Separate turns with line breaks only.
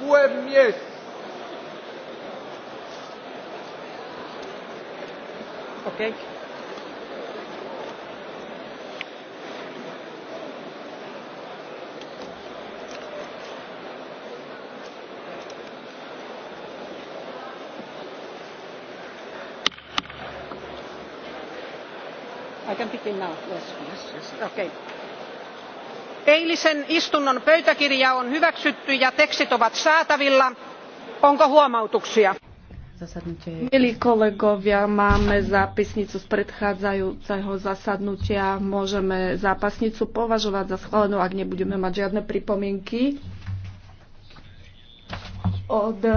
puhemies! Okay.
I can begin now. Yes. Yes, yes. Okay eilisen istunnon pöytäkirja on hyväksytty ja tekstit ovat saatavilla. onko huomautuksia? Milí
kolegovia, máme zápisnicu z predchádzajúceho zasadnutia. Môžeme
zápasnicu považovať za schválenú, ak nebudeme mať žiadne pripomienky. Od